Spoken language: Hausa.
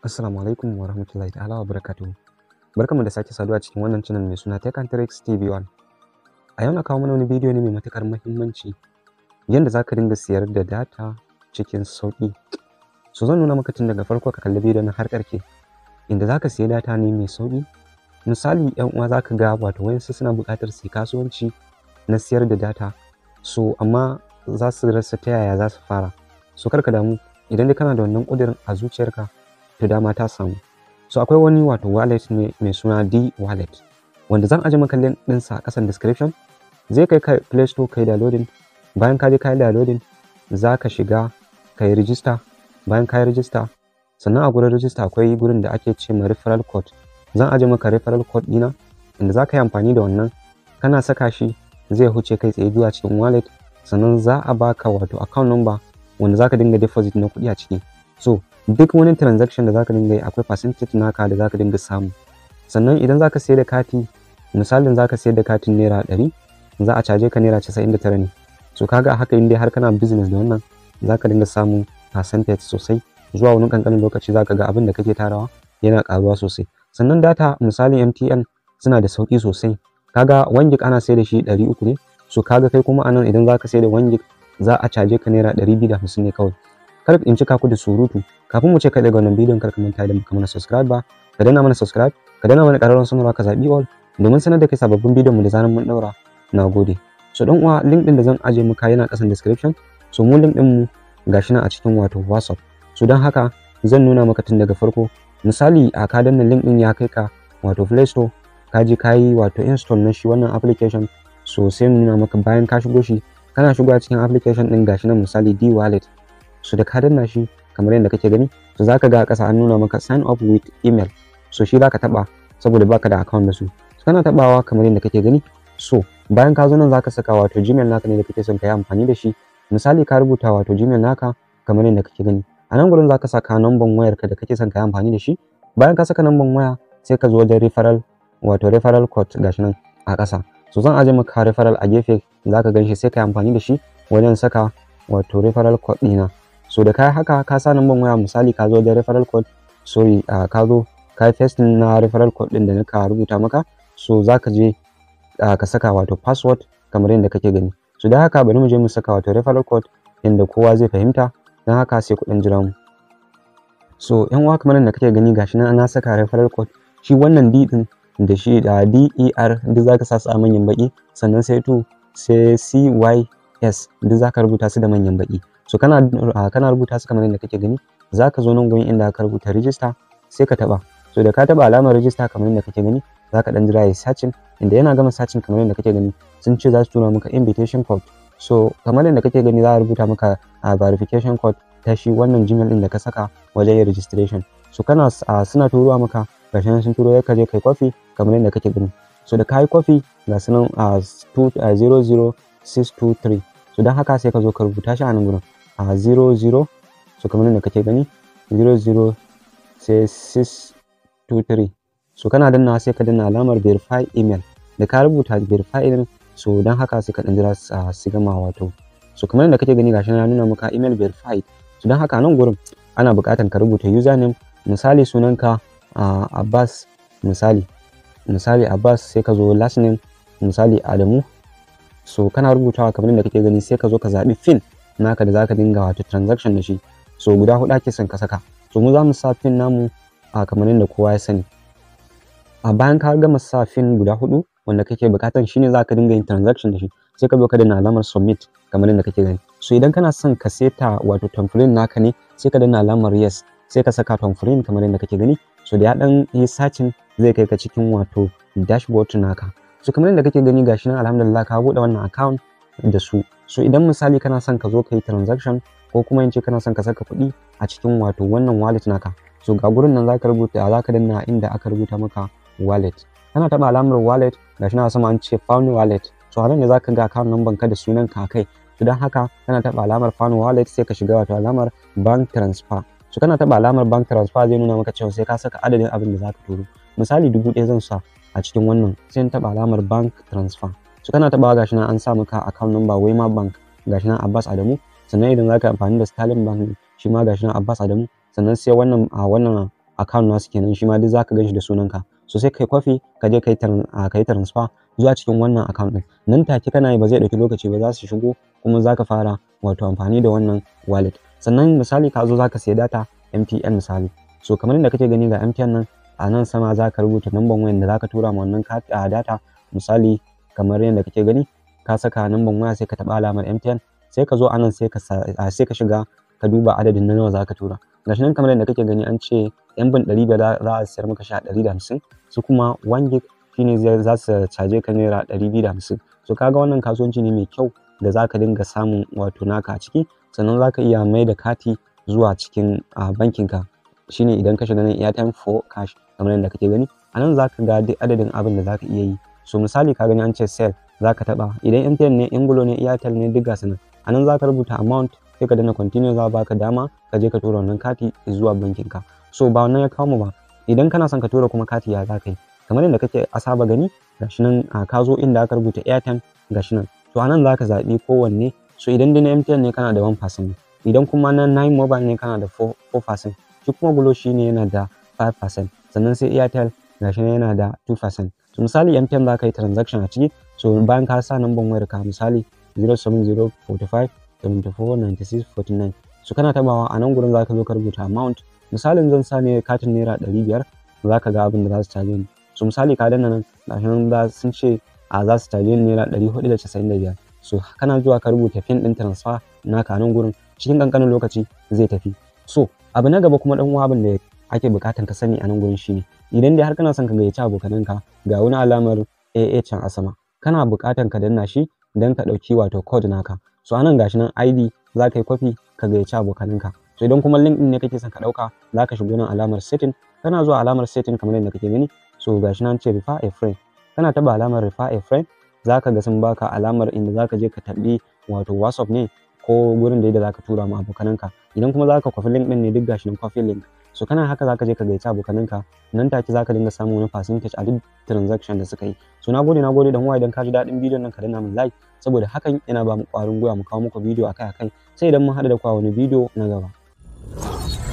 Assalamu alaikum wa rahmatullahi ta'ala wa barakatuhu. Barkanmu da sake saduwa cikin wannan channel mai suna Tech and Tricks TV1. A yau na kawo mana wani bidiyo ne mai matukar muhimmanci yanda ka dinga siyar da data cikin sauƙi. So zan nuna maka tun daga farko ka kalli bidiyon har ƙarke inda ka siya data ne mai sauki misali yan uwa zaka ga wato wayansu suna bukatar su kasuwanci na siyar da data so amma za su rasa ta yaya za su fara so karka damu idan dai kana da wannan kudirin a zuciyarka to dama ta samu so akwai wani wato wallet ne mai suna D wallet wanda zan aje maka link sa a ƙasan description zai kai ka Play Store kai downloading bayan ka je ka yi downloading zaka shiga ka yi bayan ka yi sannan a gurin register akwai gurin da ake ce referral code zan aje maka referral code dina, inda za ka yi amfani da wannan kana saka shi zai huce kai tsaye zuwa cikin wallet sannan za a baka wato account number wanda za ka dinga deposit na kuɗi a ciki so duk wani transaction da za ka dinga yi akwai percentage naka da za ka dinga samu sannan idan za ka sayar da kati misalin za ka sayar da katin naira ɗari za a caje ka naira casa'in da tara ne so kaga haka inda har kana business da wannan za ka dinga samun percentage sosai zuwa wani kankanin lokaci za ka ga abin da kake tarawa yana karuwa sosai sannan data misali MTN suna da sauki sosai kaga 1 gig ana sai da shi 300 ne so kaga kai kuma anan idan zaka sai da 1 gig za a caje ka naira 250 ne kawai kar in cika ku da surutu kafin mu ce kai daga wannan bidiyon kar ka manta da muka mana subscribe ba ka dana mana subscribe ka dana mana karar sanarwa ka zabi all domin sanar da kai sababbin bidiyon mu da zaran mun daura nagode so dan uwa link din da zan aje muka yana ƙasan description so mu link din mu gashi nan a cikin wato whatsapp so dan haka zan nuna maka tun daga farko misali a ka danna link din ya kai ka wato play store ka je ka yi wato install na shi wannan application so sai nuna maka bayan ka shigo shi kana shigowa cikin application din gashi na misali d wallet so da ka danna shi kamar yadda kake gani so zaka ga kasa an nuna maka sign up with email so shi zaka taba saboda baka da account da su so kana tabawa kamar yadda kake gani so bayan ka zo nan zaka saka wato gmail naka ne da kake son ka yi amfani da shi misali ka rubuta wato gmail naka kamar yadda kake gani a nan gurin zaka saka wayar wayarka da kake son ka amfani da shi bayan ka saka number waya sai ka zo wajen referral wato referral code gashi nan a ƙasa so zan aje maka referral a gefe zaka ganshi sai ka amfani da shi wajen saka wato referral code dina. so da kai haka ka sa number waya misali ka zo wajen referral code sorry ka zo ka yi na referral code ɗin da na ka rubuta maka so zaka je ka saka wato password kamar yadda kake gani so da haka bari mu je mu saka wato referral code inda kowa zai fahimta don haka sai kuɗin jira mu so yan uwa kamar da kake gani gashi nan na saka referral code shi wannan d din da shi da der duk zaka sa su a manyan baki sannan sai to sai cys duk zaka rubuta su da manyan baki so kana kana rubuta su kamar yadda kake gani zaka zo nan gurin inda aka rubuta register sai ka taba so da ka taba alamar register kamar yadda kake gani zaka dan jira ya sacin inda yana gama sacin kamar yadda kake gani sun ce za su tura maka invitation code so kamar yadda kake gani za a rubuta maka a ah, verification code ta shi wannan gmail din da ka saka wajen yin registration so kana ah, suna turuwa maka gashi sun turo ya kaje kai kwafi kamar yadda kake gani so da kai kwafi ga sunan a 00623 so don haka sai ka zo ka rubuta shi a nan gurin a ah, 00 so kamar yadda kake gani 00623 so kana danna sai ka danna alamar verify email da ka rubuta verify email so don haka sai ka dan jira ah, su gama wato so kamar yadda kake gani gashi na nuna maka email verified so don haka nan gurin ana buƙatar ka rubuta username misali sunanka ah, Abbas misali misali Abbas sai ka zo last name misali Adamu so kana rubutawa kamar yadda kake gani sai ka zo ka zaɓi fin naka da zaka dinga wato transaction da shi so guda hudu ake son ka saka so mu za mu sa fin namu a ah, kamar yadda kowa ya sani a bayan ka gama sa fin guda hudu wanda kake bukatan shi ne za ka dinga yin transaction da shi sai ka zo ka danna alamar submit kamar yadda kake gani so idan kana son ka seta wato tamfirin naka ne sai ka danna alamar yes sai ka saka tamfirin kamar yadda kake gani so da ya dan yi sacin zai kai ka cikin wato dashboard naka so kamar yadda kake gani gashi nan alhamdulillah ka bude wannan account da su so idan misali kana son ka zo ka yi transaction ko kuma in ce kana son ka saka kuɗi a cikin wato wannan wallet naka so ga gurin nan zaka rubuta zaka danna inda aka rubuta maka wallet kana taɓa alamar wallet shi na sama an ce found wallet so da za ka ga account number ka da sunan ka kai to don haka kana taɓa alamar found wallet sai ka shiga wato alamar bank transfer to kana taɓa alamar bank transfer zai nuna maka cewa sai ka saka adadin abin da za ka turo misali dubu ɗaya zan sa a cikin wannan sai na taɓa alamar bank transfer to kana ga shi na an sa maka account number Wema bank ga shi na Abbas Adamu sannan idan ka amfani da Sterling bank shi ma ga shi na Abbas Adamu sannan sai wannan a wannan account nasu kenan shi ma duk zaka ganshi da sunanka so sai kai kwafi ka je kai kai transfer zuwa cikin wannan account din nan take kana yi ba zai dauki lokaci ba za su shigo kuma za ka fara wato amfani da wannan wallet sannan misali ka zo za ka sayi data MTN misali so kamar inda kake gani ga MTN nan a nan sama za ka rubuta number wayan da za ka tura ma wannan data misali kamar yadda kake gani ka saka number waya sai ka taba alamar MTN sai ka zo anan sai ka sai ka shiga ka duba adadin nawa za ka tura gashi nan kamar yadda kake gani an ce yan bin ɗari biyar za a sayar maka shi a ɗari da hamsin su kuma wan gig ne za su caje ka naira ɗari biyu da hamsin so kaga wannan kasuwanci ne mai kyau da za ka dinga samun wato naka a ciki sannan za ka iya mai da kati zuwa cikin bankinka shine idan ka shiga nan time for cash kamar yadda kake gani a nan za ka ga adadin abin da za ka iya yi so misali ka gani an ce sell za ka taɓa idan mtn ne ingulo ne airtel ne duk gasu nan a nan za ka rubuta amount sai ka dana continue za baka dama ka je ka tura wannan kati zuwa bankin ka so ba wannan ya kawo mu ba idan kana son ka tura kuma kati ya za yi kamar yadda kake saba gani gashi nan ka zo inda aka rubuta airtime gashi nan to anan za ka zaɓi kowanne so idan dai na MTN ne kana da 1% idan kuma na Nine Mobile ne kana da 4% shi kuma Glo shi ne yana da 5% sannan sai Airtel gashi nan yana da 2% so misali MTN za ka yi transaction a ciki so bayan ka sa namban wayar ka misali 07045 74 su so kana tabawa a nan gurin ka zo ka rubuta amount misalin zan sa ne katin naira 500 zaka ga abin da za su caje ni so misali ka danna nan da gashin da sun ce a za su caje ni naira 495 so kana zuwa ka rubuta pin din transfer naka nan gurin cikin kankanin lokaci zai tafi so abu na gaba kuma dan uwa abin da ake bukatan ka sani a nan gurin shine idan dai har kana son ka gayyaci abokananka ga wani alamar AA can a sama kana bukatan ka danna shi dan ka ɗauki wato code naka so anan gashi nan id za ka yi copy ka gayyaci abokaninka so idan kuma link din ne kake son ka dauka za ka shigo nan alamar setting kana zuwa alamar setting kamar yadda kake gani so gashi nan ce refer a friend kana taba alamar refer a friend za ka ga sun baka alamar inda za ka je ka tabi wato whatsapp ne ko gurin da yadda za ka tura ma abokananka idan kuma za ka kwafi link ɗin ne duk gashi nan kwafi link so kana haka zaka je ka gaita abokananka nan take zaka dinga samun wani percentage a duk transaction da suka yi so nagode nagode dan uwa idan ka ji daɗin bidiyon nan ka danna min like saboda hakan yana ba mu ƙwarin gwiwa mu kawo muku bidiyo akai akai sai idan mun hada da kwa wani bidiyo na gaba